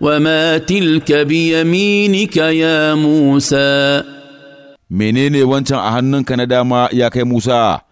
وما تلك ka يا Musa? menene wancan a hannunka na dama ya kai Musa